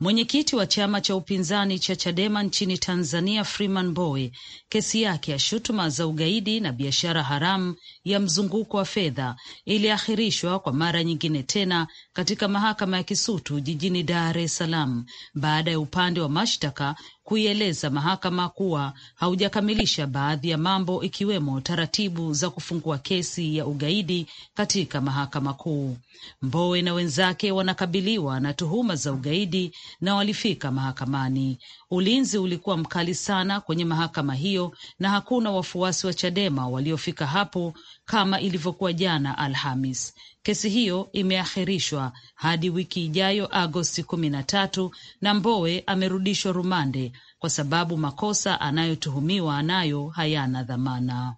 Mwenyekiti wa chama cha upinzani cha Chadema nchini Tanzania, Freeman Mbowe, kesi yake ya shutuma za ugaidi na biashara haramu ya mzunguko wa fedha iliahirishwa kwa mara nyingine tena katika mahakama ya Kisutu jijini Dar es Salaam baada ya upande wa mashtaka kuieleza mahakama kuwa haujakamilisha baadhi ya mambo ikiwemo taratibu za kufungua kesi ya ugaidi katika mahakama kuu. Mbowe na wenzake wanakabiliwa na tuhuma za ugaidi na walifika mahakamani. Ulinzi ulikuwa mkali sana kwenye mahakama hiyo na hakuna wafuasi wa Chadema waliofika hapo kama ilivyokuwa jana Alhamis. Kesi hiyo imeahirishwa hadi wiki ijayo Agosti kumi na tatu, na Mbowe amerudishwa rumande kwa sababu makosa anayotuhumiwa nayo hayana dhamana.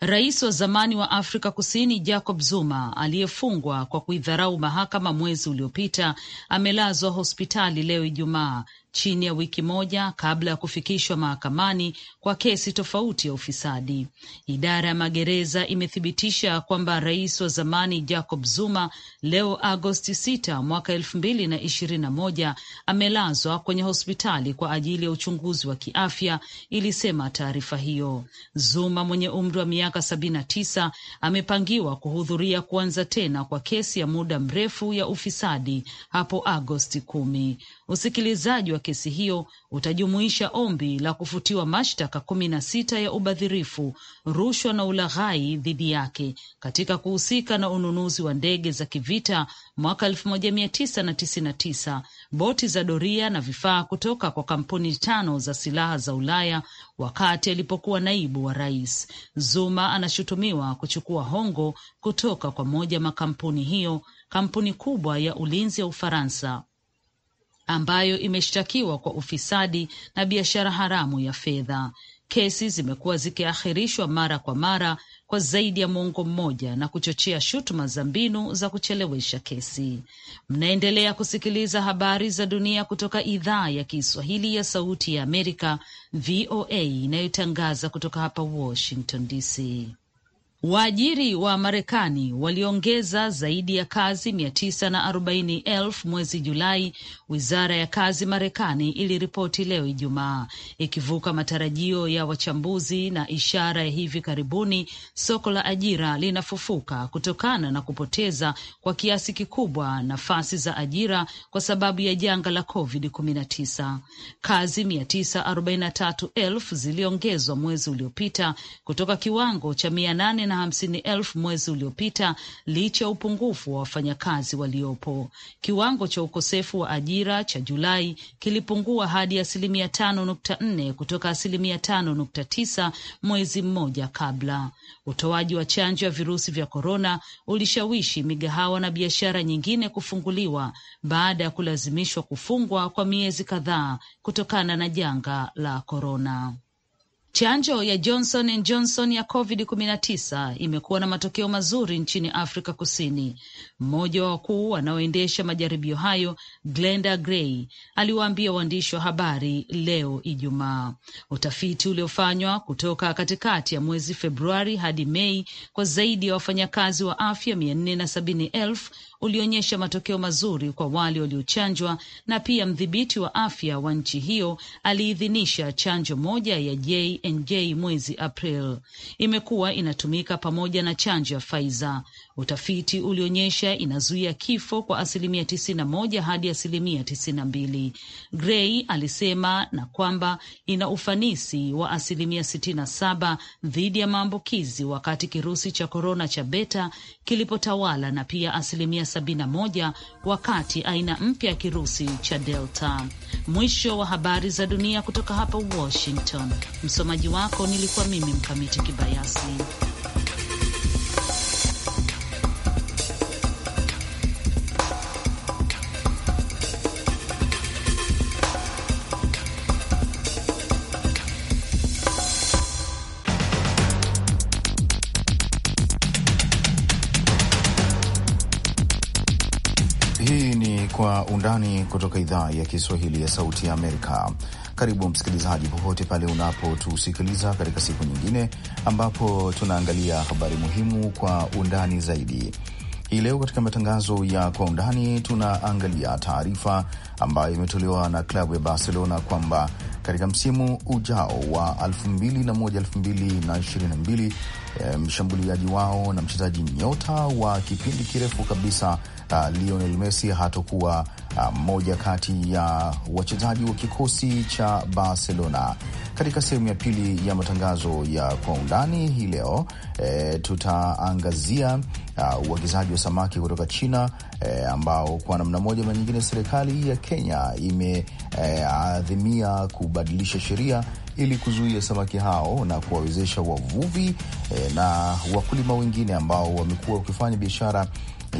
Rais wa zamani wa Afrika Kusini Jacob Zuma aliyefungwa kwa kuidharau mahakama mwezi uliopita amelazwa hospitali leo Ijumaa chini ya wiki moja kabla ya kufikishwa mahakamani kwa kesi tofauti ya ufisadi. Idara ya magereza imethibitisha kwamba rais wa zamani Jacob Zuma leo Agosti 6 mwaka 2021 amelazwa kwenye hospitali kwa ajili ya uchunguzi wa kiafya, ilisema taarifa hiyo. Zuma mwenye umri wa miaka 79 amepangiwa kuhudhuria kuanza tena kwa kesi ya muda mrefu ya ufisadi hapo Agosti kumi. Usikilizaji wa kesi hiyo utajumuisha ombi la kufutiwa mashtaka kumi na sita ya ubadhirifu, rushwa na ulaghai dhidi yake katika kuhusika na ununuzi wa ndege za kivita mwaka 1999, boti za doria na vifaa kutoka kwa kampuni tano za silaha za Ulaya wakati alipokuwa naibu wa rais. Zuma anashutumiwa kuchukua hongo kutoka kwa moja makampuni hiyo, kampuni kubwa ya ulinzi ya Ufaransa ambayo imeshtakiwa kwa ufisadi na biashara haramu ya fedha. Kesi zimekuwa zikiahirishwa mara kwa mara kwa zaidi ya mwongo mmoja na kuchochea shutuma za mbinu za kuchelewesha kesi. Mnaendelea kusikiliza habari za dunia kutoka idhaa ya Kiswahili ya Sauti ya Amerika, VOA, inayotangaza kutoka hapa Washington DC. Waajiri wa Marekani waliongeza zaidi ya kazi mia tisa na arobaini elfu mwezi Julai, wizara ya kazi Marekani iliripoti leo Ijumaa, ikivuka matarajio ya wachambuzi na ishara ya hivi karibuni soko la ajira linafufuka kutokana na kupoteza kwa kiasi kikubwa nafasi za ajira kwa sababu ya janga la COVID-19. Kazi mia tisa arobaini na tatu elfu ziliongezwa mwezi uliopita kutoka kiwango cha mia nane na hamsini elfu mwezi uliopita licha ya upungufu wa wafanyakazi waliopo. Kiwango cha ukosefu wa ajira cha Julai kilipungua hadi asilimia tano nukta nne kutoka asilimia tano nukta tisa mwezi mmoja kabla. Utoaji wa chanjo ya virusi vya korona ulishawishi migahawa na biashara nyingine kufunguliwa baada ya kulazimishwa kufungwa kwa miezi kadhaa kutokana na janga la korona. Chanjo ya Johnson and Johnson ya COVID-19 imekuwa na matokeo mazuri nchini Afrika Kusini. Mmoja wa wakuu wanaoendesha majaribio hayo, Glenda Gray, aliwaambia waandishi wa habari leo Ijumaa. Utafiti uliofanywa kutoka katikati ya mwezi Februari hadi Mei kwa zaidi ya wafanyakazi wa afya mia nne na sabini elfu ulionyesha matokeo mazuri kwa wale waliochanjwa, na pia mdhibiti wa afya wa nchi hiyo aliidhinisha chanjo moja ya J&J mwezi April. Imekuwa inatumika pamoja na chanjo ya Pfizer. Utafiti ulionyesha inazuia kifo kwa asilimia tisini na moja hadi asilimia tisini na mbili. Gray alisema na kwamba ina ufanisi wa asilimia sitini na saba dhidi ya maambukizi wakati kirusi cha korona cha beta kilipotawala na pia asilimia sabini na moja wakati aina mpya ya kirusi cha delta. Mwisho wa habari za dunia kutoka hapa Washington. Msomaji wako nilikuwa mimi Mkamiti Kibayasi. Undani kutoka idhaa ya Kiswahili ya Sauti ya Amerika. Karibu msikilizaji, popote pale unapotusikiliza katika siku nyingine ambapo tunaangalia habari muhimu kwa undani zaidi. Hii leo katika matangazo ya kwa undani tunaangalia taarifa ambayo imetolewa na klabu ya Barcelona kwamba katika msimu ujao wa 2021 Eh, mshambuliaji wao na mchezaji nyota wa kipindi kirefu kabisa uh, Lionel Messi hatokuwa mmoja ah, uh, kati ya wachezaji wa kikosi cha Barcelona. Katika sehemu ya pili ya matangazo ya kwa undani hii leo e, tutaangazia ah, uagizaji uh, wa samaki kutoka China e, ambao kwa namna moja ma nyingine serikali ya Kenya imeadhimia e, kubadilisha sheria ili kuzuia samaki hao na kuwawezesha wavuvi e, na wakulima wengine ambao wamekuwa wakifanya biashara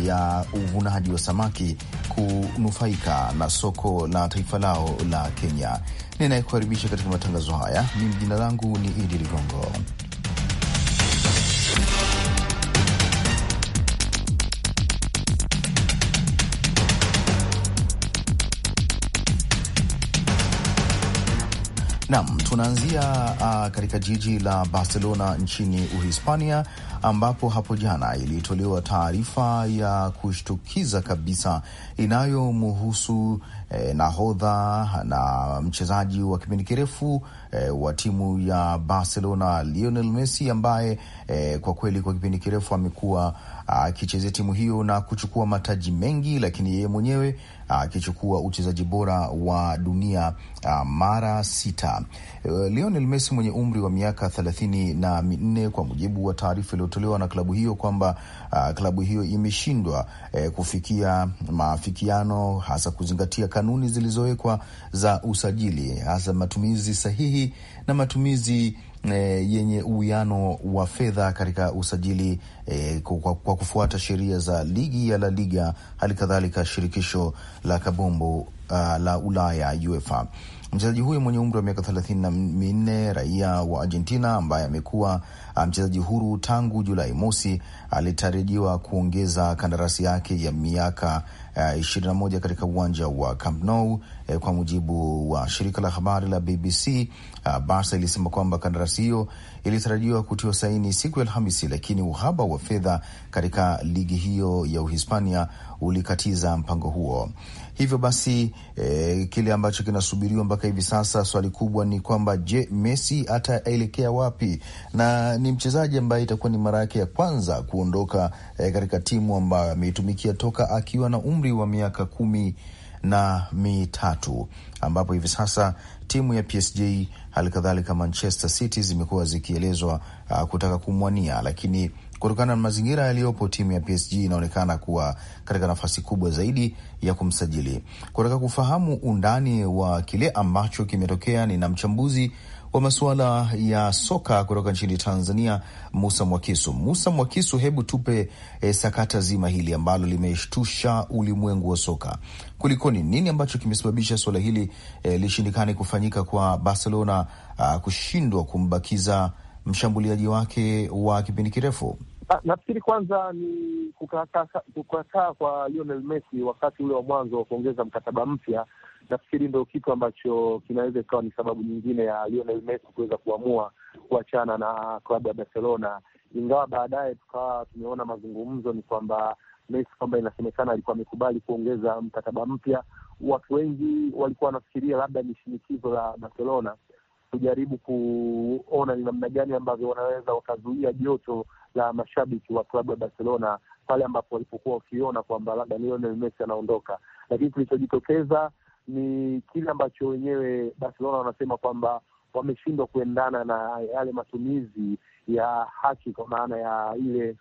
ya uvunaji wa samaki kunufaika na soko la taifa lao la Kenya. Ninayekukaribisha katika matangazo haya mimi, jina langu ni Idi Ligongo. Nam, tunaanzia uh, katika jiji la Barcelona nchini Uhispania, ambapo hapo jana ilitolewa taarifa ya kushtukiza kabisa inayomuhusu eh, nahodha na mchezaji wa kipindi kirefu eh, wa timu ya Barcelona Lionel Messi ambaye eh, kwa kweli kwa kipindi kirefu amekuwa akichezea timu hiyo na kuchukua mataji mengi, lakini yeye mwenyewe ah, akichukua uchezaji bora wa dunia a, ah, mara sita. Eh, Lionel Messi mwenye umri wa miaka thelathini na minne kwa mujibu wa taarifa iliyotolewa na klabu hiyo kwamba ah, klabu hiyo imeshindwa e, kufikia maafikiano hasa kuzingatia kanuni zilizowekwa za usajili hasa matumizi sahihi na matumizi e, yenye uwiano wa fedha katika usajili e, kwa, kwa kufuata sheria za ligi ya La Liga, hali kadhalika shirikisho la kabumbu uh, la Ulaya UEFA. Mchezaji huyo mwenye umri wa miaka thelathini na minne raia wa Argentina ambaye amekuwa ah, mchezaji huru tangu Julai mosi alitarajiwa kuongeza kandarasi yake ya miaka ah, ishirini na moja katika uwanja wa Camp Nou. Eh, kwa mujibu wa shirika la habari la BBC barsa ah, Barca ilisema kwamba kandarasi hiyo ilitarajiwa kutiwa saini siku ya Alhamisi, lakini uhaba wa fedha katika ligi hiyo ya Uhispania ulikatiza mpango huo. Hivyo basi eh, kile ambacho kinasubiriwa mpaka hivi sasa, swali kubwa ni kwamba je, Messi ataelekea wapi? Na ni mchezaji ambaye itakuwa ni mara yake ya kwanza kuondoka eh, katika timu ambayo ameitumikia toka akiwa na umri wa miaka kumi na mitatu ambapo hivi sasa timu ya PSG hali kadhalika Manchester City zimekuwa zikielezwa uh, kutaka kumwania, lakini Kutokana na mazingira yaliyopo, timu ya PSG inaonekana kuwa katika nafasi kubwa zaidi ya kumsajili. Kutaka kufahamu undani wa kile ambacho kimetokea, ni na mchambuzi wa masuala ya soka kutoka nchini Tanzania, Musa Mwakisu. Musa Mwakisu, hebu tupe e, sakata zima hili ambalo limeshtusha ulimwengu wa soka. Kulikoni, nini ambacho kimesababisha suala hili e, lishindikane kufanyika kwa Barcelona ah, kushindwa kumbakiza mshambuliaji wake wa kipindi kirefu? Ah, nafikiri kwanza ni kukataa kwa Lionel Messi wakati ule wa mwanzo wa kuongeza mkataba mpya. Nafikiri ndio kitu ambacho kinaweza ikawa ni sababu nyingine ya Lionel Messi kuweza kuamua kuachana na klabu ya Barcelona, ingawa baadaye tukawa tumeona mazungumzo ni kwamba Messi kwamba inasemekana alikuwa amekubali kuongeza mkataba mpya. Watu wengi walikuwa wanafikiria labda ni shinikizo la Barcelona kujaribu kuona ni namna gani ambavyo wanaweza wakazuia joto la mashabiki wa klabu ya Barcelona pale ambapo walipokuwa wakiona kwamba labda Lionel Messi anaondoka, lakini kilichojitokeza ni kile ambacho wenyewe Barcelona wanasema kwamba wameshindwa kuendana na yale matumizi ya haki kwa maana ya ile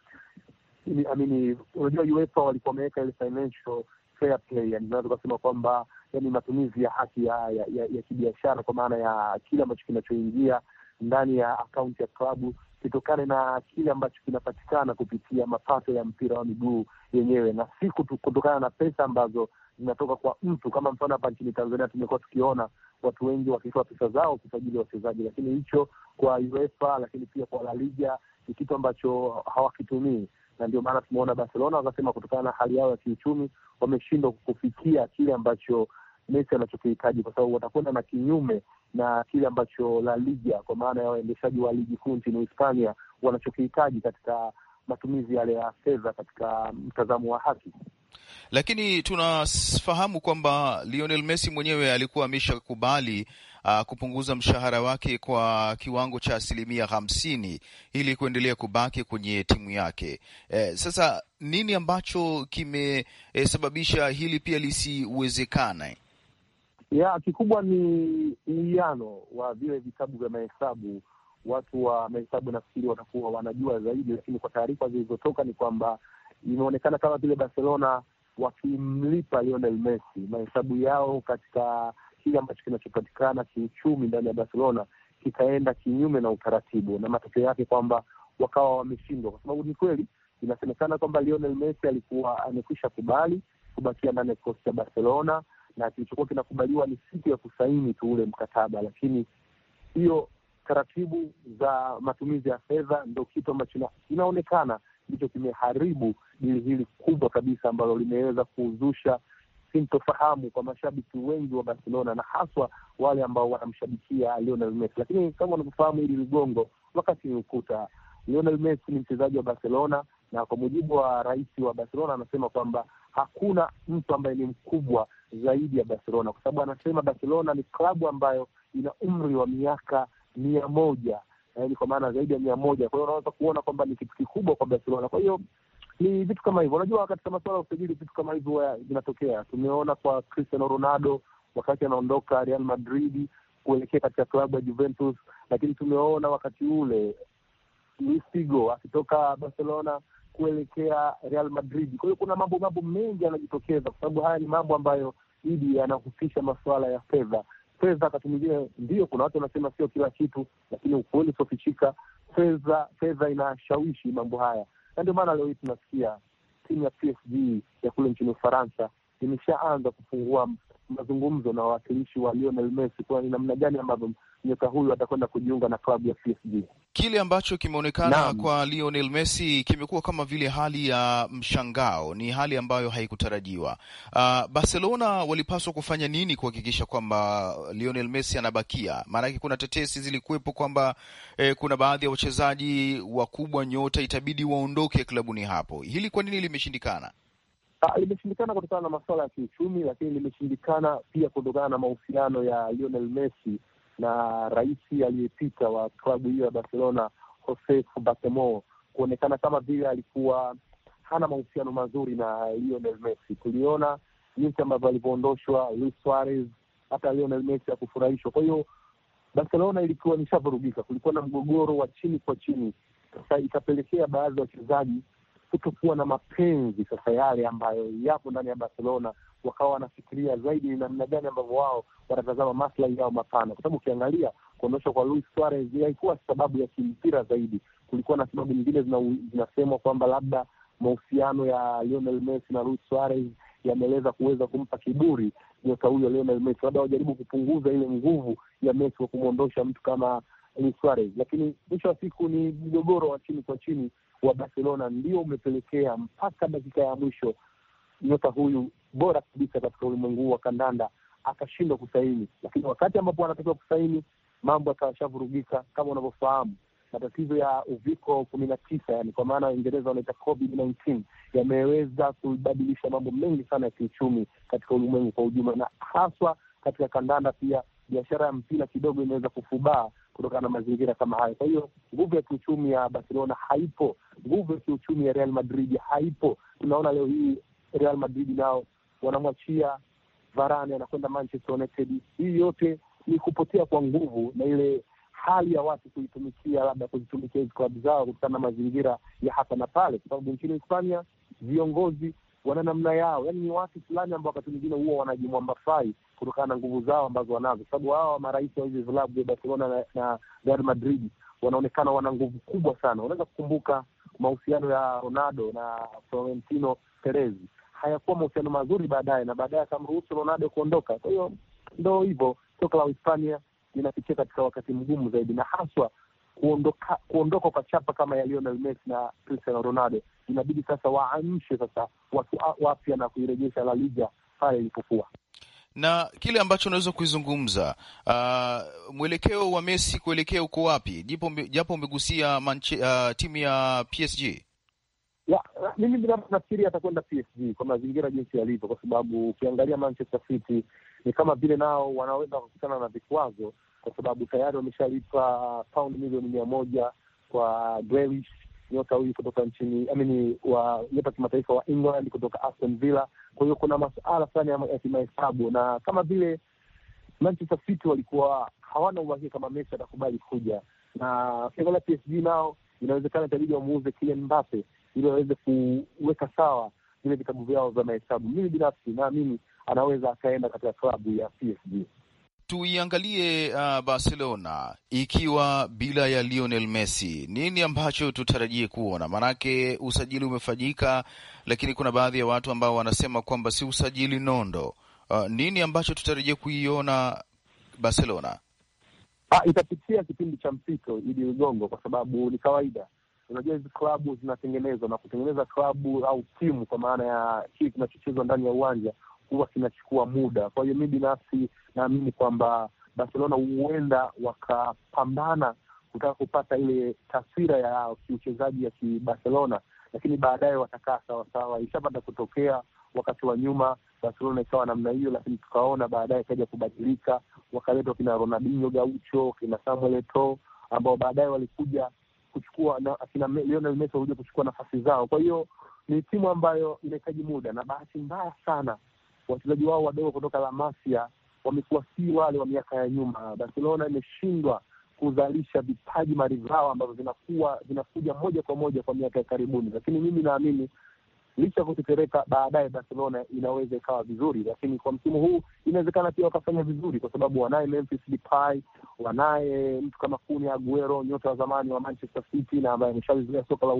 amini, unajua UEFA walikuwa wameweka ile financial fair play, yani tukasema kwamba yani matumizi ya haki ya, ya, ya, ya kibiashara kwa maana ya kile ambacho kinachoingia ndani ya akaunti ya klabu kitokane na kile ambacho kinapatikana kupitia mapato ya mpira wa miguu yenyewe, na si kutokana na pesa ambazo zinatoka kwa mtu. Kama mfano hapa nchini Tanzania tumekuwa tukiona watu wengi wakitoa pesa zao kusajili wachezaji, lakini hicho kwa UEFA, lakini pia kwa La Liga ni kitu ambacho hawakitumii, na ndio maana tumeona Barcelona wakasema kutokana na hali yao ya kiuchumi wameshindwa kufikia kile ambacho Messi anachokihitaji, kwa sababu watakwenda na kinyume na kile ambacho La Liga kwa maana ya waendeshaji wa ligi kuu nchini Hispania wanachokihitaji katika matumizi yale ya fedha katika mtazamo wa haki. Lakini tunafahamu kwamba Lionel Messi mwenyewe alikuwa kubali uh, kupunguza mshahara wake kwa kiwango cha asilimia hamsini ili kuendelea kubaki kwenye timu yake. Eh, sasa nini ambacho kimesababisha eh, hili pia lisiwezekane? ya kikubwa ni uwiano wa vile vitabu vya mahesabu. Watu wa mahesabu nafikiri watakuwa wanajua zaidi, lakini kwa taarifa zilizotoka ni kwamba imeonekana kama vile Barcelona wakimlipa Lionel Messi. Mahesabu yao katika kile ambacho kinachopatikana kiuchumi ndani ya Barcelona kikaenda kinyume na utaratibu, na matokeo yake kwamba wakawa wameshindwa, kwa sababu ni kweli inasemekana kwamba Lionel Messi alikuwa amekwisha kubali kubakia ndani ya kikosi cha Barcelona na kilichokuwa kinakubaliwa ni siku ya kusaini tu ule mkataba, lakini hiyo taratibu za matumizi ya fedha ndo kitu ambacho inaonekana ndicho kimeharibu dili hili kubwa kabisa ambalo limeweza kuzusha sintofahamu kwa mashabiki wengi wa Barcelona na haswa wale ambao wanamshabikia Lionel Messi. Lakini kama unavyofahamu hili ligongo, wakati ni ukuta. Lionel Messi ni mchezaji wa Barcelona, na kwa mujibu wa rais wa Barcelona anasema kwamba hakuna mtu ambaye ni mkubwa zaidi ya Barcelona, kwa sababu anasema Barcelona ni klabu ambayo ina umri wa miaka mia moja yaani kwa maana zaidi ya mia moja. Kwa hiyo unaweza kuona kwamba ni kitu kikubwa kwa Barcelona. Kwa hiyo ni vitu kama hivyo, unajua katika masuala ya usajili vitu kama hivyo vinatokea. Tumeona kwa Cristiano Ronaldo wakati anaondoka Real Madrid kuelekea katika klabu ya Juventus, lakini tumeona wakati ule Luis Figo akitoka Barcelona kuelekea Real Madrid. Kwa hiyo kuna mambo mambo mengi yanajitokeza, kwa sababu haya ni mambo ambayo idi yanahusisha masuala ya fedha. Fedha wakati mwingine, ndio kuna watu wanasema sio kila kitu, lakini ukweli usiofichika, fedha fedha inashawishi mambo haya, na ndio maana leo hii tunasikia timu ya PSG ya kule nchini Ufaransa imeshaanza kufungua mazungumzo na wawakilishi wa Lionel Messi kuwa ni namna gani ambavyo nyota huyu atakwenda kujiunga na klabu ya PSG. Kile ambacho kimeonekana kwa Lionel Messi kimekuwa kama vile hali ya mshangao, ni hali ambayo haikutarajiwa. Uh, Barcelona walipaswa kufanya nini kuhakikisha kwamba Lionel Messi anabakia? Maanake kuna tetesi zilikuwepo kwamba eh, kuna baadhi ya wachezaji wakubwa nyota itabidi waondoke klabuni hapo. Hili kwa nini limeshindikana? Ah, limeshindikana kutokana na masuala ya kiuchumi, lakini limeshindikana pia kutokana na mahusiano ya Lionel Messi na rais aliyepita wa klabu hiyo ya Barcelona Josef Bartomeu kuonekana kama vile alikuwa hana mahusiano mazuri na Lionel Messi. Tuliona jinsi ambavyo alivyoondoshwa Luis Suarez, hata Lionel Messi akufurahishwa. Kwa hiyo Barcelona ilikuwa nishavurugika, kulikuwa na mgogoro wa chini kwa chini. Sasa ikapelekea baadhi ya wachezaji kutokuwa na mapenzi sasa yale ambayo yapo ndani ya Barcelona wakawa wanafikiria zaidi ni namna gani ambavyo wao wanatazama maslahi yao mapana, kwa sababu ukiangalia kuondoshwa kwa Luis Suarez haikuwa sababu ya kimpira zaidi, kulikuwa na sababu nyingine zinasemwa kwamba labda mahusiano ya Lionel Messi na Luis Suarez yameleza kuweza kumpa kiburi nyota huyo Lionel Messi, labda wajaribu kupunguza ile nguvu ya Messi kwa kumwondosha mtu kama Luis Suarez. Lakini mwisho wa siku ni mgogoro wa chini kwa chini wa Barcelona ndio umepelekea mpaka dakika ya mwisho nyota huyu bora kabisa katika ulimwengu huu wa kandanda, akashindwa kusaini. Lakini wakati ambapo anatakiwa kusaini, mambo yakawa kama unavyofahamu matatizo ya uviko kumi na tisa yani kwa maana Waingereza wanaita covid 19 yameweza kubadilisha mambo mengi sana ya kiuchumi katika ulimwengu kwa ujumla, na haswa katika kandanda pia. Biashara ya mpira kidogo imeweza kufubaa kutokana na mazingira kama hayo. Kwa hiyo nguvu ya kiuchumi ya Barcelona haipo, nguvu ya kiuchumi ya Real Madrid haipo. Tunaona leo hii Real Madrid nao wanamwachia Varane anakwenda Manchester United. Hii yote ni kupotea kwa nguvu na ile hali ya watu kuitumikia labda kuzitumikia hizi klabu zao kutokana na mazingira ya hapa na pale, kwa sababu nchini Hispania viongozi wana namna yao, yani ni watu fulani ambao wakati mwingine huwa wanajimwambafai kutokana na nguvu zao ambazo wanazo, kwa sababu hawa marais wa hizi vilabu vya Barcelona na, na Real Madrid wanaonekana wana nguvu kubwa sana. Unaweza kukumbuka mahusiano ya Ronaldo na Florentino Perez hayakuwa mahusiano mazuri baadaye, na baadaye akamruhusu Ronaldo kuondoka. Kwa hiyo ndo hivyo, soka la Uhispania linapitia katika wakati mgumu zaidi, na haswa kuondoka kuondoka kwa chapa kama ya Lionel Messi na Cristiano Ronaldo. Inabidi sasa waamshe sasa watu wapya na kuirejesha La Liga pale ilipokuwa na kile ambacho unaweza kuizungumza uh, mwelekeo wa Messi kuelekea uko wapi? Japo japo umegusia uh, timu ya PSG mimi binafsi nafikiri atakwenda PSG kwa mazingira jinsi yalivyo, kwa sababu ukiangalia Manchester City ni kama vile nao wanaweza kukutana na vikwazo, kwa sababu tayari wameshalipa paundi milioni mia moja kwa Grealish, nyota huyu kutoka nchini amini wa nyota kimataifa wa England kutoka Aston Villa. Kwa hiyo kuna masuala fulani ya kimahesabu, na kama vile Manchester City walikuwa hawana uhakika kama Messi atakubali kuja, na ukiangalia PSG nao inawezekana itabidi wamuuze Kylian Mbappe ili waweze kuweka sawa vile vitabu vyao vya mahesabu. Mimi binafsi naamini anaweza akaenda katika klabu ya PSG. Tuiangalie uh, Barcelona ikiwa bila ya Lionel Messi, nini ambacho tutarajie kuona? Maanake usajili umefanyika, lakini kuna baadhi ya watu ambao wanasema kwamba si usajili nondo. Uh, nini ambacho tutarajie kuiona Barcelona? Ah, itapitia kipindi cha mpito ili ugongo, kwa sababu ni kawaida Unajua hizi klabu zinatengenezwa na kutengeneza klabu au timu, kwa maana ya kile kinachochezwa ndani ya uwanja huwa kinachukua muda. Kwa hiyo mi binafsi naamini kwamba Barcelona huenda wakapambana kutaka kupata ile taswira ya kiuchezaji ya kibarcelona, lakini baadaye watakaa sawasawa. Ishapata kutokea wakati wa nyuma Barcelona ikawa namna hiyo, lakini tukaona baadaye ikaja kubadilika, wakaletwa kina Ronaldinho Gaucho, kina Samuel Eto'o ambao baadaye walikuja kuchukua na akina Lionel Messi walikuja kuchukua nafasi zao. Kwa hiyo ni timu ambayo inahitaji muda, na bahati mbaya sana wachezaji wao wadogo kutoka La Masia wamekuwa si wale wa miaka ya nyuma. Barcelona imeshindwa kuzalisha vipaji maridhawa ambavyo vinakuwa vinakuja moja kwa moja kwa miaka ya karibuni, lakini mimi naamini licha ya kutetereka baadaye, Barcelona inaweza ikawa vizuri, lakini kwa msimu huu inawezekana pia wakafanya vizuri, kwa sababu wanaye Memphis Depay, wanaye mtu kama Kun Aguero, nyota wa zamani wa Manchester City na ambaye ameshalizoea soka la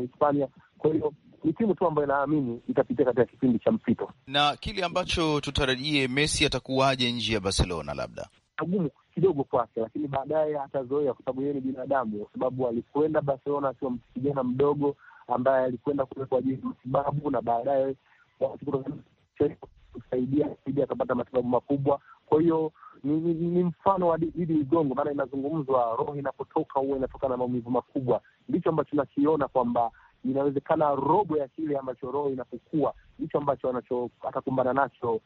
Hispania. Kwa hiyo ni timu tu ambayo inaamini itapitia katika kipindi cha mpito, na kile ambacho tutarajie, Messi atakuwaje nje ya Barcelona, labda agumu kidogo kwake, lakini baadaye atazoea, kwa sababu yeye ni binadamu, kwa sababu alikwenda Barcelona akiwa kijana mdogo ambaye alikwenda kuwekwa jezi matibabu na baadaye kusaidia kusaidia akapata matibabu makubwa. Kwa hiyo ni, ni, ni mfano wa Idi Ligongo, maana inazungumzwa roho inapotoka huwa inatoka na maumivu makubwa. Ndicho ambacho nakiona kwamba inawezekana robo ya kile ambacho roho inapokuwa, ndicho ambacho anacho atakumbana nacho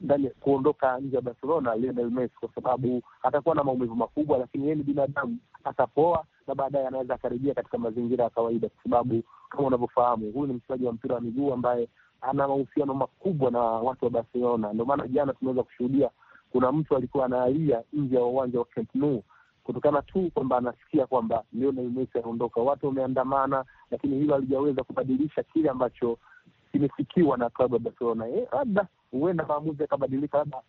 ndani kuondoka nje ya Barcelona, Lionel Messi, kwa sababu atakuwa na maumivu makubwa, lakini yeye ni binadamu, atapoa na baadaye anaweza akarejea katika mazingira ya kawaida, kwa sababu kama unavyofahamu, huyu ni mchezaji wa mpira wa miguu ambaye ana mahusiano makubwa na watu wa Barcelona. Ndio maana jana tunaweza kushuhudia kuna mtu alikuwa analia nje ya uwanja wa Camp Nou kutokana tu kwamba anasikia kwamba Lionel Messi anaondoka. Watu wameandamana, lakini hilo halijaweza kubadilisha kile ambacho kimefikiwa na klabu ya Barcelona. Eh, labda Eh, huenda maamuzi yakabadilika, labda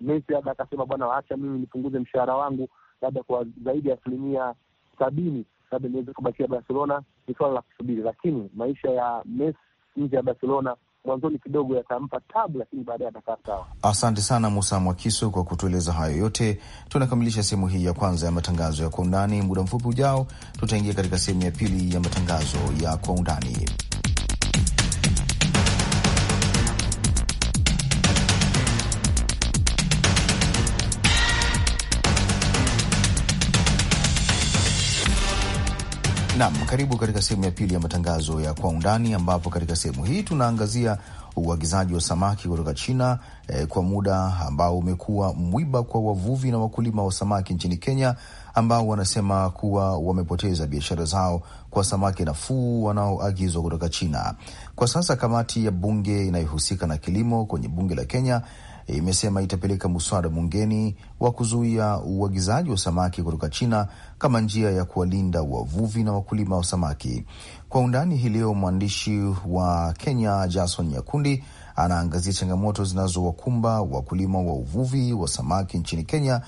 Messi labda akasema bwana, acha mimi nipunguze mshahara wangu labda kwa zaidi ya asilimia sabini labda niweze kubakia Barcelona, ni swala la kusubiri, lakini maisha ya Messi nje ya Barcelona mwanzoni kidogo yatampa tabu, lakini baadaye atakaa sawa. Asante sana Musa Mwakisu kwa kutueleza hayo yote. Tunakamilisha sehemu hii ya kwanza ya matangazo ya kwa undani. Muda mfupi ujao, tutaingia katika sehemu ya pili ya matangazo ya kwa undani. Nam, karibu katika sehemu ya pili ya matangazo ya kwa undani, ambapo katika sehemu hii tunaangazia uagizaji wa samaki kutoka China eh, kwa muda ambao umekuwa mwiba kwa wavuvi na wakulima wa samaki nchini Kenya ambao wanasema kuwa wamepoteza biashara zao kwa samaki nafuu wanaoagizwa kutoka China. Kwa sasa kamati ya bunge inayohusika na kilimo kwenye bunge la Kenya imesema itapeleka muswada bungeni wa kuzuia uagizaji wa samaki kutoka China kama njia ya kuwalinda wavuvi na wakulima wa samaki. Kwa undani hii leo, mwandishi wa Kenya Jason Nyakundi anaangazia changamoto zinazowakumba wakulima wa uvuvi wa samaki nchini Kenya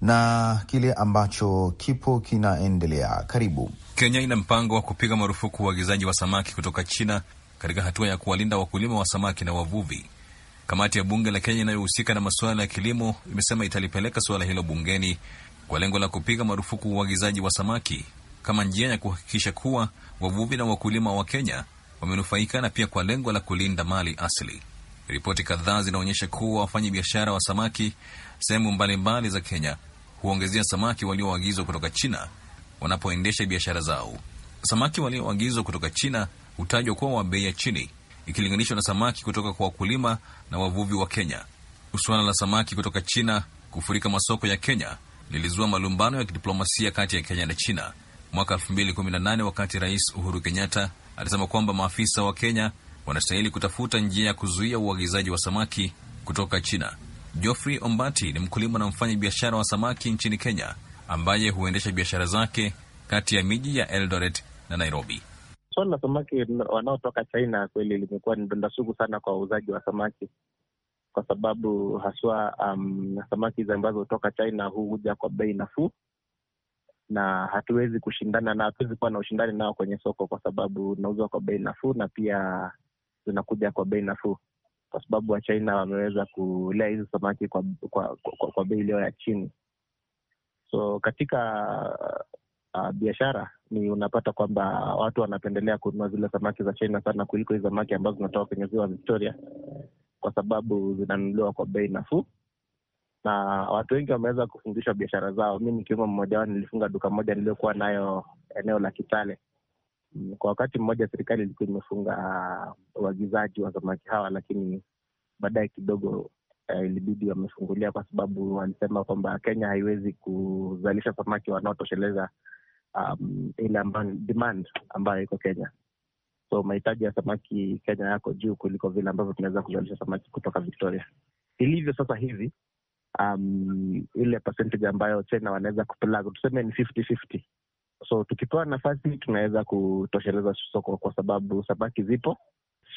na kile ambacho kipo kinaendelea. Karibu. Kenya ina mpango wa kupiga marufuku uagizaji wa samaki kutoka China katika hatua ya kuwalinda wakulima wa samaki na wavuvi. Kamati ya bunge la Kenya inayohusika na masuala ya kilimo imesema italipeleka suala hilo bungeni kwa lengo la kupiga marufuku uagizaji wa samaki kama njia ya kuhakikisha kuwa wavuvi na wakulima wa Kenya wamenufaika na pia kwa lengo la kulinda mali asili. Ripoti kadhaa zinaonyesha kuwa biashara wa samaki sehemu mbalimbali za Kenya huongezea samaki walioagizwa kutoka China wanapoendesha biashara zao. Samaki walioagizwa kutoka China hutajwa kuwa wa bei ya chini ikilinganishwa na samaki kutoka kwa wakulima na wavuvi wa Kenya. Suala la samaki kutoka China kufurika masoko ya Kenya lilizua malumbano ya kidiplomasia kati ya Kenya na China mwaka 2018 wakati Rais Uhuru Kenyatta alisema kwamba maafisa wa Kenya wanastahili kutafuta njia ya kuzuia uagizaji wa samaki kutoka China. Geoffrey Ombati ni mkulima na mfanya biashara wa samaki nchini Kenya ambaye huendesha biashara zake kati ya miji ya Eldoret na Nairobi. Swala la samaki wanaotoka China kweli limekuwa ni donda sugu sana kwa wauzaji wa samaki, kwa sababu haswa um, samaki hizi ambazo hutoka China huja kwa bei nafuu, na hatuwezi kushindana na hatuwezi kuwa na ushindani nao kwenye soko, kwa sababu zinauzwa kwa bei nafuu na pia zinakuja kwa bei nafuu, kwa sababu Wachina wameweza kulea hizi samaki kwa, kwa, kwa, kwa, kwa bei iliyo ya chini. So katika uh, biashara ni unapata kwamba watu wanapendelea kununua zile samaki za China sana kuliko hii samaki ambazo zinatoka kwenye ziwa Victoria, kwa sababu zinanunuliwa kwa bei nafuu na watu wengi wameweza kufundishwa biashara zao. Mi nikiwemo mmoja wao, nilifunga duka moja niliyokuwa nayo eneo la Kitale. Kwa wakati mmoja, serikali ilikuwa imefunga uh, uagizaji wa samaki hawa, lakini baadaye kidogo eh, ilibidi wamefungulia, kwa sababu walisema kwamba Kenya haiwezi kuzalisha samaki wanaotosheleza um, ile demand ambayo iko Kenya. So mahitaji ya samaki Kenya yako juu kuliko vile ambavyo tunaweza kuzalisha samaki kutoka Victoria. Ilivyo sasa hivi um, ile percentage ambayo China wanaweza kuplag tuseme ni 50-50. So tukipewa nafasi tunaweza kutosheleza soko, kwa sababu samaki zipo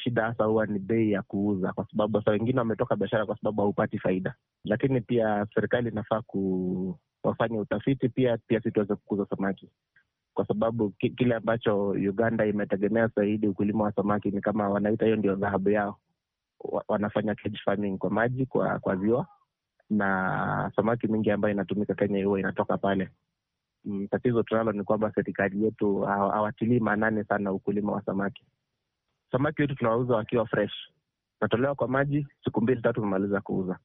shida hasa huwa ni bei ya kuuza, kwa sababu sa wengine wametoka biashara kwa sababu haupati faida. Lakini pia serikali inafaa kuwafanya utafiti pia pia si tuweze kukuza samaki, kwa sababu kile ambacho Uganda imetegemea zaidi ukulima wa samaki ni kama wanaita hiyo ndio dhahabu yao. Wanafanya cage farming kwa maji, kwa kwa ziwa, na samaki mingi ambayo inatumika Kenya huwa inatoka pale. Mm, tatizo tunalo ni kwamba serikali yetu hawatilii maanani sana ukulima wa samaki. Samaki wetu tunawauza wakiwa fresh, natolewa kwa maji, siku mbili tatu umemaliza kuuza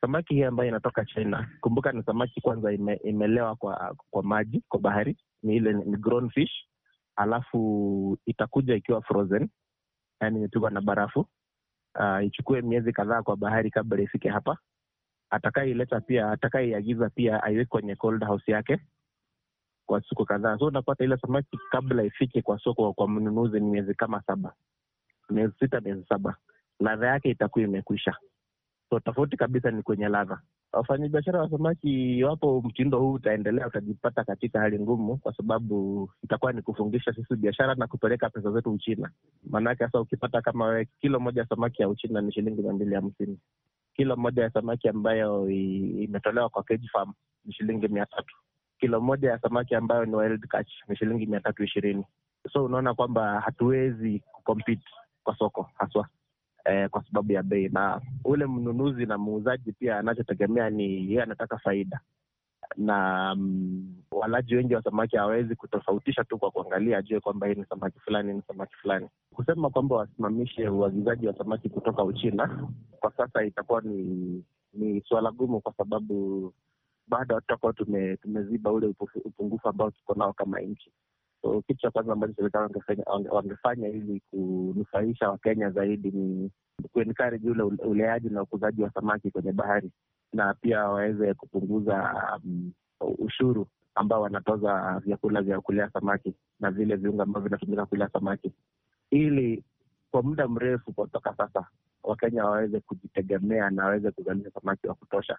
samaki hii ambayo inatoka China. Kumbuka ni samaki kwanza ime, imelewa kwa kwa maji kwa bahari, ni ile ni grown fish, alafu itakuja ikiwa frozen, yani imepigwa na barafu. Uh, ichukue miezi kadhaa kwa bahari kabla ifike hapa. Atakayeileta pia atakayeiagiza pia aiweke kwenye cold house yake kwa siku kadhaa, so unapata ile samaki kabla ifike kwa soko kwa mnunuzi ni miezi kama saba miezi sita miezi saba, ladha yake itakuwa imekwisha. So tofauti kabisa ni kwenye ladha. Wafanyabiashara wa samaki, iwapo mtindo huu utaendelea, utajipata katika hali ngumu, kwa sababu itakuwa ni kufungisha sisi biashara na kupeleka pesa zetu Uchina. Maanake sasa ukipata kama we kilo moja ya samaki ya Uchina ni shilingi mia mbili hamsini kilo moja ya samaki ambayo imetolewa kwa cage farm ni shilingi mia tatu kilo moja ya samaki ambayo ni wild catch ni shilingi mia tatu ishirini so unaona kwamba hatuwezi kucompete kwa soko haswa eh, kwa sababu ya bei, na ule mnunuzi na muuzaji pia anachotegemea ni yeye anataka faida na mm, walaji wengi wa samaki hawawezi kutofautisha tu kwa kuangalia, ajue kwamba hii ni samaki fulani, ni samaki fulani. Kusema kwamba wasimamishe uagizaji wa samaki kutoka Uchina kwa sasa itakuwa ni ni suala gumu, kwa sababu bado hatutakuwa tume, tumeziba ule upungufu ambao tuko nao kama nchi. So kitu cha kwanza ambacho serikali wangefanya ili kunufaisha Wakenya zaidi ni kuencourage ule uleaji na ukuzaji wa samaki kwenye bahari, na pia waweze kupunguza um, ushuru ambao wanatoza vyakula vya kulea samaki na vile viungo ambavyo vinatumika kulea samaki, ili kwa muda mrefu kutoka sasa Wakenya waweze kujitegemea na waweze kuzalisha samaki wa kutosha,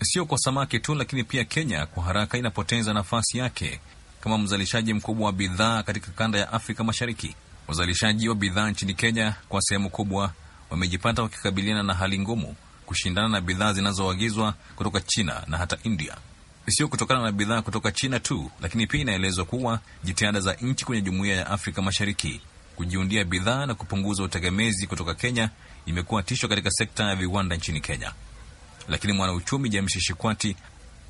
sio kwa samaki tu, lakini pia Kenya kwa haraka inapoteza nafasi yake kama mzalishaji mkubwa wa bidhaa katika kanda ya Afrika Mashariki. Wazalishaji wa bidhaa nchini Kenya kwa sehemu kubwa wamejipata wakikabiliana na hali ngumu kushindana na bidhaa zinazoagizwa kutoka China na hata India. Sio kutokana na bidhaa kutoka China tu, lakini pia inaelezwa kuwa jitihada za nchi kwenye jumuiya ya Afrika Mashariki kujiundia bidhaa na kupunguza utegemezi kutoka Kenya imekuwa tisho katika sekta ya viwanda nchini Kenya. Lakini mwanauchumi James Shikwati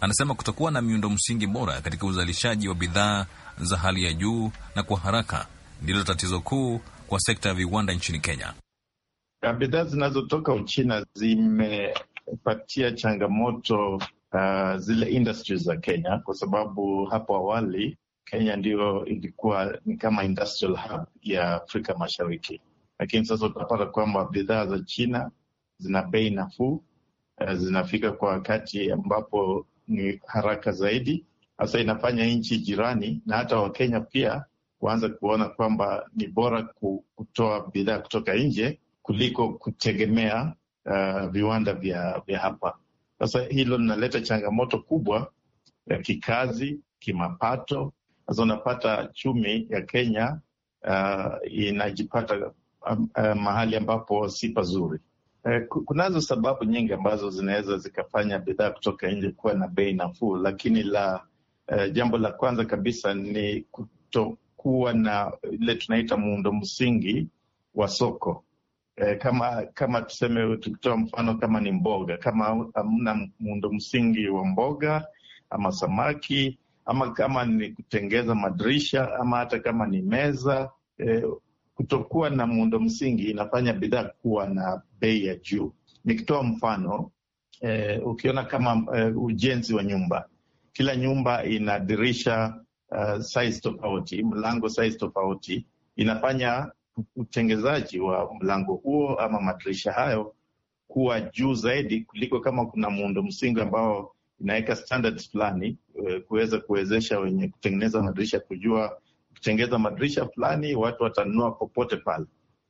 Anasema kutakuwa na miundo msingi bora katika uzalishaji wa bidhaa za hali ya juu na kwa haraka ndilo tatizo kuu kwa sekta ya viwanda nchini Kenya. Bidhaa zinazotoka Uchina zimepatia changamoto uh, zile za Kenya kwa sababu hapo awali Kenya ndio ilikuwa ni kama industrial hub ya Afrika Mashariki, lakini sasa utapata kwamba bidhaa za China zina bei nafuu, uh, zinafika kwa wakati ambapo ni haraka zaidi. Sasa inafanya nchi jirani na hata Wakenya pia kuanza kuona kwamba ni bora kutoa bidhaa kutoka nje kuliko kutegemea uh, viwanda vya, vya hapa. Sasa hilo linaleta changamoto kubwa ya kikazi, kimapato. Sasa unapata chumi ya Kenya uh, inajipata uh, uh, mahali ambapo si pazuri. Eh, kunazo sababu nyingi ambazo zinaweza zikafanya bidhaa kutoka nje kuwa na bei nafuu, lakini la eh, jambo la kwanza kabisa ni kutokuwa na ile tunaita muundo msingi wa soko. Eh, kama kama tuseme, tukitoa mfano kama ni mboga, kama hamna muundo msingi wa mboga ama samaki ama kama ni kutengeza madirisha ama hata kama ni meza eh, kutokuwa na muundo msingi inafanya bidhaa kuwa na bei ya juu. Nikitoa mfano eh, ukiona kama eh, ujenzi wa nyumba, kila nyumba ina dirisha uh, size tofauti, mlango size tofauti, inafanya utengezaji wa mlango huo ama madirisha hayo kuwa juu zaidi kuliko kama kuna muundo msingi ambao inaweka standards fulani eh, kuweza kuwezesha wenye kutengeneza madirisha kujua kutengeza madirisha fulani, watu watanunua popote pale.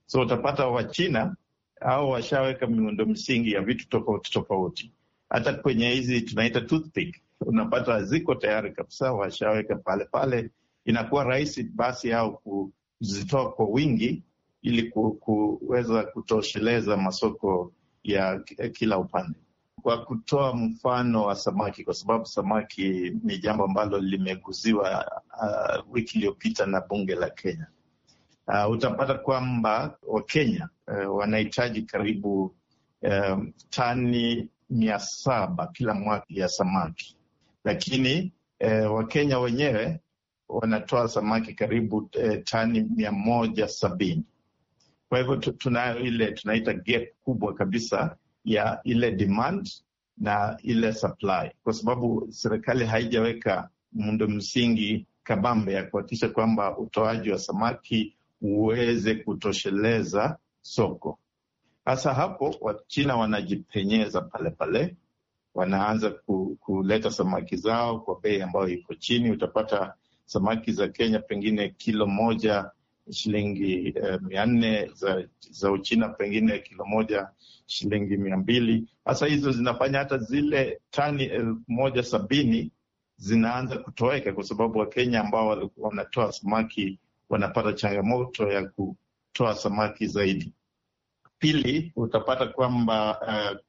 So utapata Wachina au washaweka miundo msingi ya vitu tofauti tofauti. Hata kwenye hizi tunaita toothpick, unapata ziko tayari kabisa, washaweka pale pale. Inakuwa rahisi basi au kuzitoa kwa wingi ili kuweza kutosheleza masoko ya kila upande kwa kutoa mfano wa samaki, kwa sababu samaki ni jambo ambalo limeguziwa uh, wiki iliyopita na bunge la Kenya. Uh, utapata kwamba Wakenya uh, wanahitaji karibu uh, tani mia saba kila mwaka ya samaki, lakini uh, Wakenya wenyewe wanatoa samaki karibu uh, tani mia moja sabini. Kwa hivyo tunayo ile tunaita gap kubwa kabisa ya ile demand na ile supply, kwa sababu serikali haijaweka muundo msingi kabambe ya kuhakikisha kwamba utoaji wa samaki uweze kutosheleza soko. Sasa hapo Wachina wanajipenyeza pale pale, wanaanza ku, kuleta samaki zao kwa bei ambayo iko chini. Utapata samaki za Kenya pengine kilo moja shilingi eh, mia nne za, za Uchina pengine kilo moja shilingi mia mbili Sasa hizo zinafanya hata zile tani elfu moja sabini zinaanza kutoweka, kwa sababu Wakenya ambao walikuwa wanatoa samaki wanapata changamoto ya kutoa samaki zaidi. Pili, utapata kwamba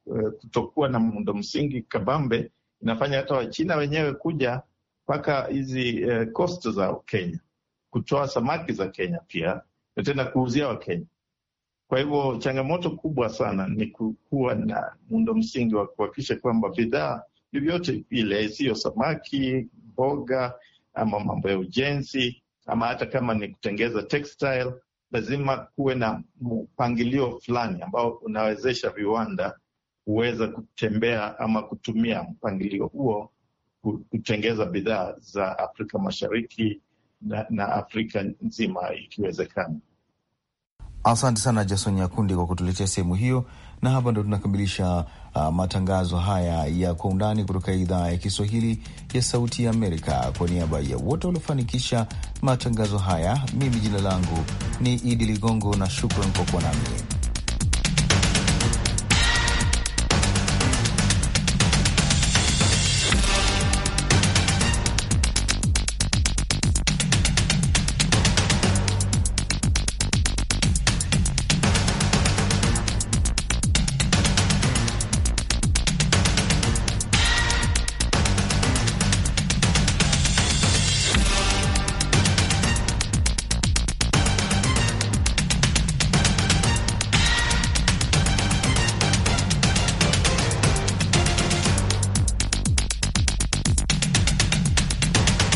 uh, kutokuwa na muundo msingi kabambe inafanya hata Wachina wenyewe kuja mpaka hizi uh, eh, kosti za Kenya kutoa samaki za Kenya pia na tena kuuzia Wakenya. Kwa hivyo changamoto kubwa sana ni kuwa na muundo msingi wa kuhakikisha kwamba bidhaa vyovyote vile, siyo samaki, mboga ama mambo ya ujenzi ama hata kama ni kutengeza textile, lazima kuwe na mpangilio fulani ambao unawezesha viwanda kuweza kutembea ama kutumia mpangilio huo kutengeza bidhaa za Afrika Mashariki na, na Afrika nzima ikiwezekana. Asante sana Jason Nyakundi kwa kutuletea sehemu hiyo, na hapa ndo tunakamilisha uh, matangazo haya ya kwa undani kutoka idhaa ya Kiswahili ya Sauti ya Amerika. Kwa niaba ya wote waliofanikisha matangazo haya, mimi jina langu ni Idi Ligongo na shukran kwa kuwa nami.